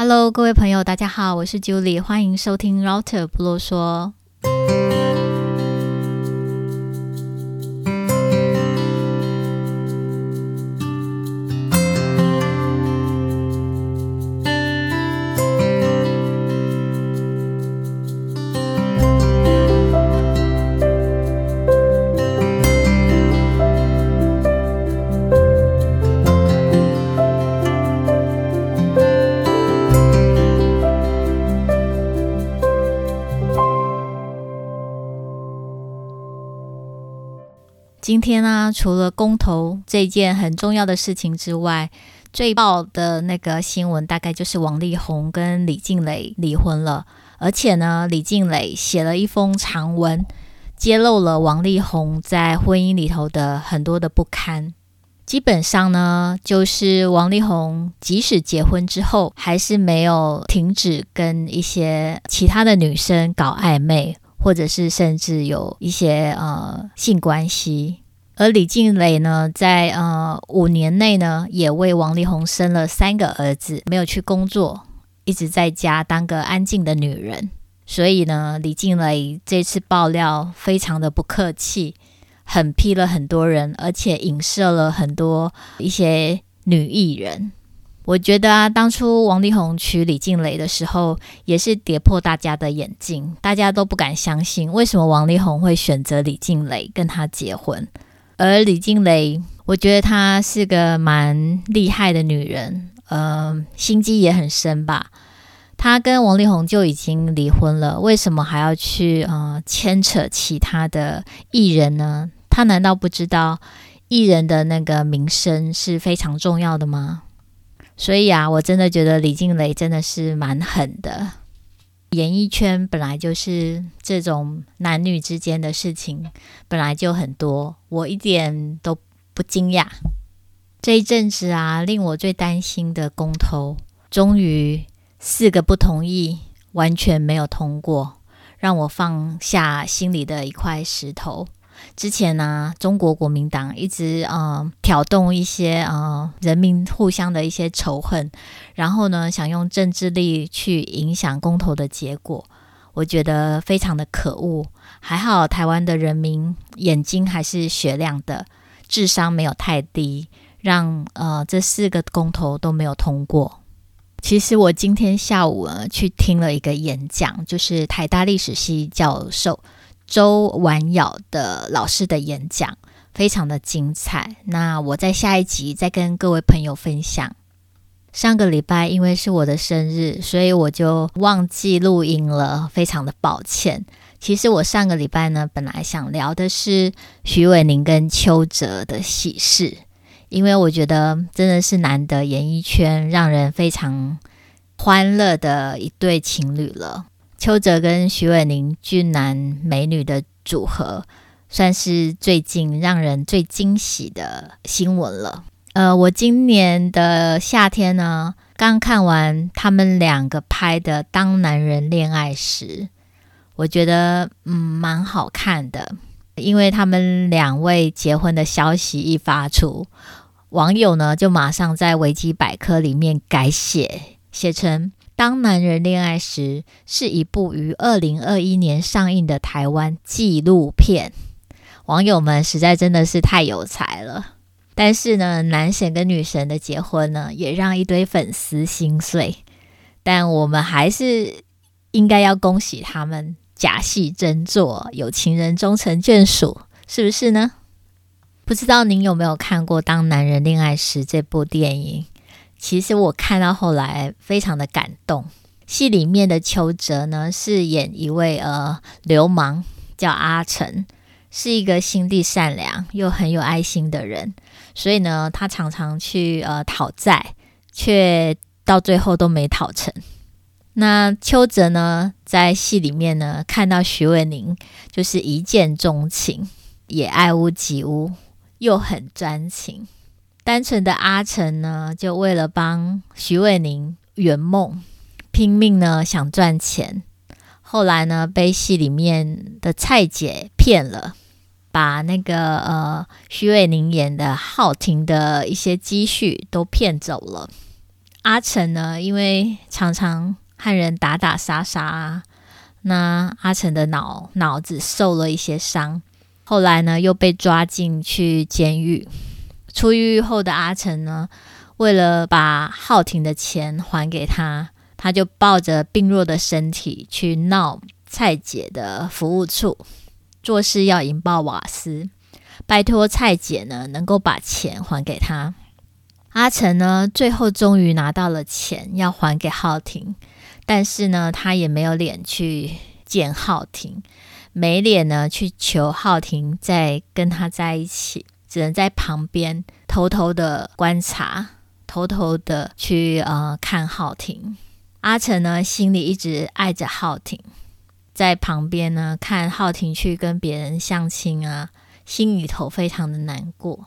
哈嘍，Hello, 各位朋友，大家好，我是 Julie，歡迎收聽 Router 不囉嗦。今天呢、啊，除了公投這件很重要的事情之外，最爆的那個新聞大概就是王力宏跟李靜蕾離婚了，而且呢，李靜蕾寫了一封長文，揭露了王力宏在婚姻裡頭的很多的不堪。基本上呢，就是王力宏即使結婚之後，還是沒有停止跟一些其他的女生搞曖昧。或者是甚至有一些呃性關係，而李靜蕾呢，在呃五年內呢，也為王力宏生了三個兒子，沒有去工作，一直在家當個安靜的女人。所以呢，李靜蕾這次爆料非常的不客氣，狠批了很多人，而且影射了很多一些女藝人。我覺得啊，當初王力宏娶李靜蕾的時候，也是跌破大家的眼鏡，大家都不敢相信。為什麼王力宏會選擇李靜蕾跟他結婚？而李靜蕾，我覺得她是個蠻厲害的女人，呃，心機也很深吧。她跟王力宏就已經離婚了，為什麼還要去，呃，牽扯其他的藝人呢？她難道不知道藝人的那個名聲是非常重要的嗎？所以啊，我真的覺得李靜蕾真的是蠻狠的。演藝圈本來就是這種男女之間的事情本來就很多，我一點都不驚訝。這一陣子啊，令我最擔心的公投，終於四個不同意，完全沒有通過，讓我放下心裡的一塊石頭。之前呢、啊，中國國民黨一直呃挑動一些呃人民互相的一些仇恨，然後呢想用政治力去影響公投的結果，我覺得非常的可惡。還好台灣的人民眼睛還是雪亮的，智商沒有太低，讓呃這四個公投都沒有通過。其實我今天下午去聽了一個演講，就是台大歷史系教授。周婉瑤的老師的演講非常的精彩，那我在下一集再跟各位朋友分享。上個禮拜因為是我的生日，所以我就忘記錄音了，非常的抱歉。其實我上個禮拜呢，本來想聊的是許瑋甯跟邱澤的喜事，因為我覺得真的是難得演藝圈讓人非常歡樂的一對情侶了。邱澤跟許瑋甯俊男美女的組合，算是最近讓人最驚喜的新聞了。呃，我今年的夏天呢，剛看完他們兩個拍的《當男人戀愛時》，我覺得嗯蠻好看的。因為他們兩位結婚的消息一發出，網友呢就馬上在維基百科裡面改寫，寫成。當男人戀愛時是一部於二零二一年上映的台灣紀錄片，網友們實在真的是太有才了。但是呢，男神跟女神的結婚呢，也讓一堆粉絲心碎。但我們還是應該要恭喜他們假戲真做，有情人終成眷屬，是不是呢？不知道您有沒有看過《當男人戀愛時》這部電影？其實我看到後來非常的感動，戲裡面的邱澤呢，飾演一位呃流氓，叫阿成，是一個心地善良又很有愛心的人，所以呢，他常常去呃討債，卻到最後都沒討成。那邱澤呢，在戲裡面呢，看到許瑋甯就是一見鍾情，也愛屋及烏，又很專情。單純的阿成呢，就為了幫許瑋甯圓夢，拼命呢想賺錢。後來呢，被戲裡面的蔡姐騙了，把那個呃許瑋甯演的浩婷的一些積蓄都騙走了。阿成呢，因為常常和人打打殺殺，啊，那阿成的腦腦子受了一些傷。後來呢，又被抓進去監獄。出獄後的阿成呢，為了把浩婷的錢還給他，他就抱着病弱的身體去鬧蔡姐的服務處，做事要引爆瓦斯，拜托蔡姐呢能夠把錢還給他。阿成呢最後終於拿到了錢，要還給浩婷。但是呢，他也沒有臉去見浩婷，沒臉呢去求浩婷再跟他在一起。只能在旁邊偷偷的觀察，偷偷的去呃看浩廷。阿成呢心裡一直愛着浩廷，在旁邊呢看浩廷去跟別人相親啊，心裡頭非常的難過。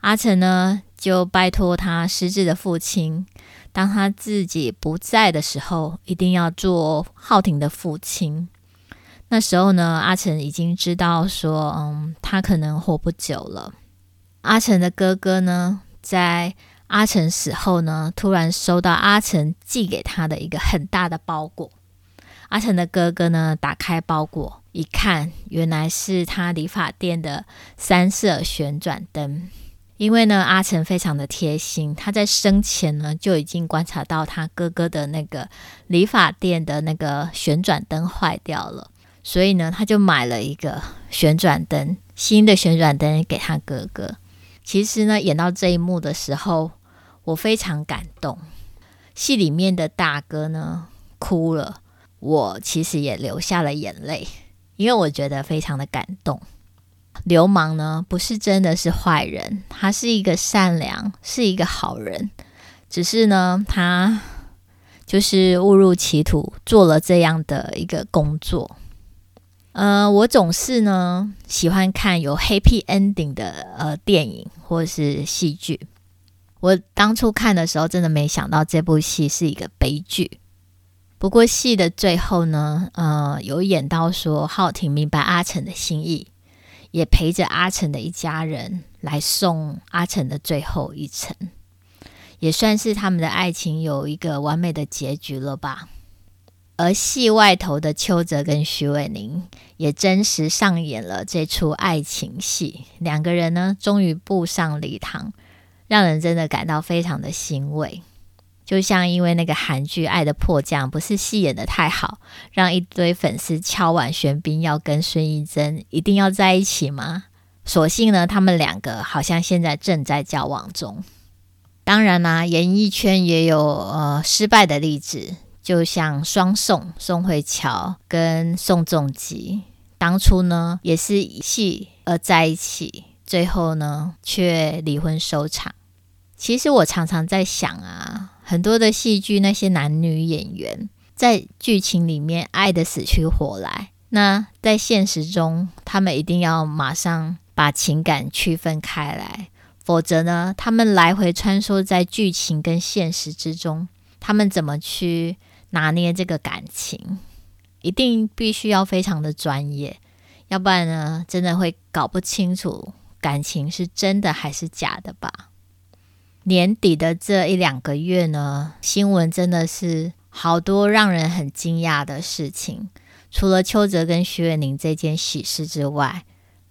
阿成呢就拜托他失智的父親，當他自己不在的時候，一定要做浩廷的父親。那時候呢，阿成已經知道說，嗯，他可能活不久了。阿成的哥哥呢，在阿成死後呢，突然收到阿成寄給他的一個很大的包裹。阿成的哥哥呢，打開包裹一看，原來是他理髮店的三色旋轉燈。因為呢，阿成非常的貼心，他在生前呢就已經觀察到他哥哥的那個理髮店的那個旋轉燈壞掉了，所以呢，他就買了一個旋轉燈，新的旋轉燈給他哥哥。其實呢，演到這一幕的時候，我非常感動。戲裡面的大哥呢哭了，我其實也流下了眼淚，因為我覺得非常的感動。流氓呢，不是真的是壞人，他是一個善良，是一個好人，只是呢，他就是誤入歧途，做了這樣的一個工作。呃，我總是呢喜歡看有 happy ending 的呃電影或是戲劇。我當初看的時候，真的沒想到這部戲是一個悲劇。不過戲的最後呢，呃，有演到說浩庭明白阿成的心意，也陪着阿成的一家人來送阿成的最後一程，也算是他們的愛情有一個完美的結局了吧。而戲外頭的邱澤跟許瑋甯也真實上演了這出愛情戲，兩個人呢終於步上禮堂，讓人真的感到非常的欣慰。就像因為那個韓劇《愛的迫降》不是戲演得太好，讓一堆粉絲敲碗玄彬要跟孫藝珍一定要在一起嗎？所幸呢，他們兩個好像現在正在交往中。當然啦、啊，演藝圈也有呃失敗的例子。就像雙宋宋慧喬跟宋仲基當初呢，也是以戲而在一起，最後呢卻離婚收場。其實我常常在想啊，很多的戲劇那些男女演員在劇情裡面愛得死去活來，那在現實中他們一定要馬上把情感區分開來，否則呢，他們來回穿梭在劇情跟現實之中，他們怎麼去？拿捏這個感情，一定必須要非常的專業，要不然呢，真的會搞不清楚感情是真的還是假的吧。年底的這一兩個月呢，新聞真的是好多讓人很驚訝的事情，除了邱澤跟許瑋甯這件喜事之外，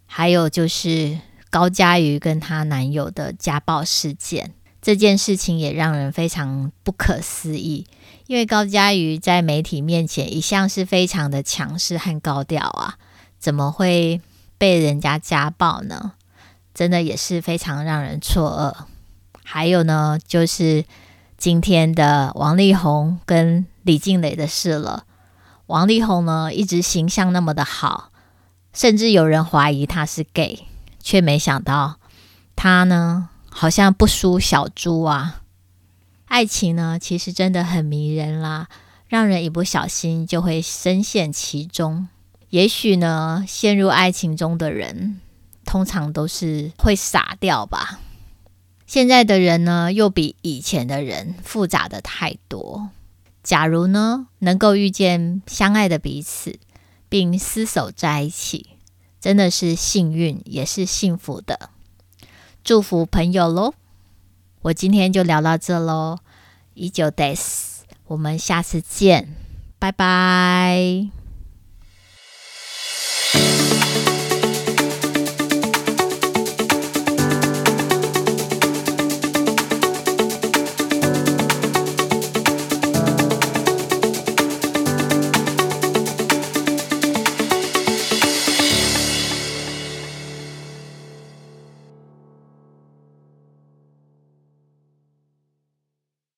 還有就是高嘉瑜跟她男友的家暴事件，這件事情也讓人非常不可思議。因為高嘉瑜在媒體面前，一向是非常的強勢和高調啊，怎麼會被人家家暴呢？真的也是非常讓人錯愕。還有呢，就是今天的王力宏跟李靜蕾的事了。王力宏呢，一直形象那麼的好，甚至有人懷疑他是 gay，卻沒想到他呢，好像不輸小豬啊。愛情呢，其實真的很迷人啦，讓人一不小心就會深陷其中。也許呢，陷入愛情中的人，通常都是會傻掉吧。現在的人呢，又比以前的人複雜得太多。假如呢，能夠遇見相愛的彼此，並廝守在一起，真的是幸運，也是幸福的。祝福朋友嘍！我今天就聊到這咯，已久 days，我們下次見，拜拜。